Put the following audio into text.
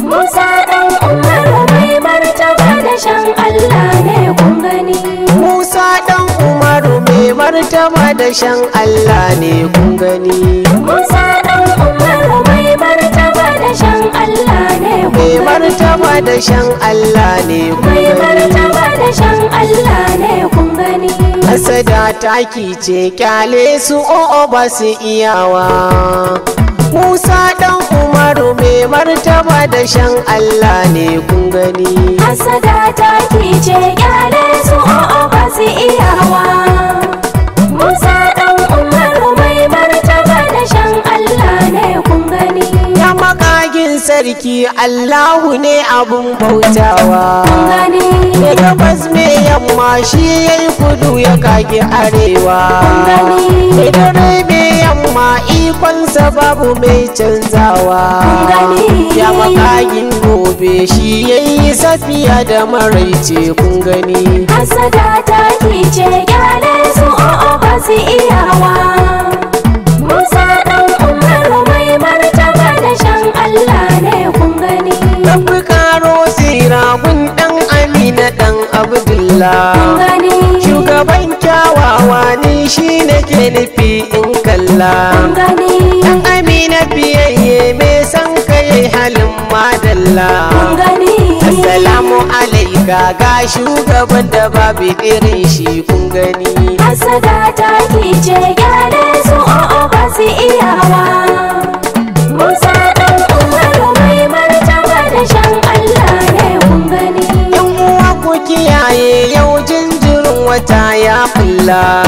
Musa ɗan Umaru mai martaba da shan Allah ne kun gani. Musa ɗan Umaru mai martaba da shan Allah ne kun gani. Musa ɗan Umaru mai martaba da shan Allah ne kun gani. Mai martaba da shan Allah ne kun gani. Mai martaba da shan Allah ne kun gani. Asada taki ce kyale su o'o oh, oh, ba su iyawa. martaba da shan Allah ne kun gani hasada ta kice kyale su a'a oh, oh, ba su iyawa musa ɗan umaru mai martaba da shan Allah ne kun gani ya makagin sarki Allahu ne abun bautawa kun gani ya yamma shi yayi kudu ya kage arewa kun gani yamma ikonsa babu mai canzawa ya makagin gobe shi ya yayi safiya da maraice kun gani hasada ta kice gyalan su o'o oh, oh, ba su iyawa musa dan umaru mai martaba da shan allah ne kun gani tafi karo siragun dan amina dan abdullah wani shi nake nufi in kalla dan amina biyayye mai san kai halin madalla assalamu alaika ga shugaban da babu irin shi kun gani wata ya fulla